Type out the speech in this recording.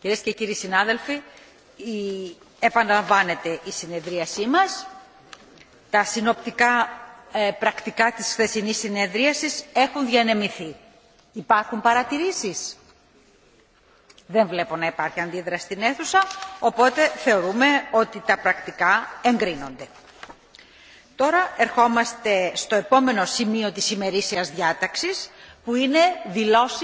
Κυρίες και κύριοι συνάδελφοι, η... επαναλαμβάνεται η συνεδρίασή μας. Τα συνοπτικά ε, πρακτικά της χθεσινής συνεδρίασης έχουν διανεμηθεί. Υπάρχουν παρατηρήσεις. Δεν βλέπω να υπάρχει αντίδραση στην αίθουσα, οπότε θεωρούμε ότι τα πρακτικά εγκρίνονται. Τώρα ερχόμαστε στο επόμενο σημείο της ημερήσιας διάταξης, που είναι δηλώσει...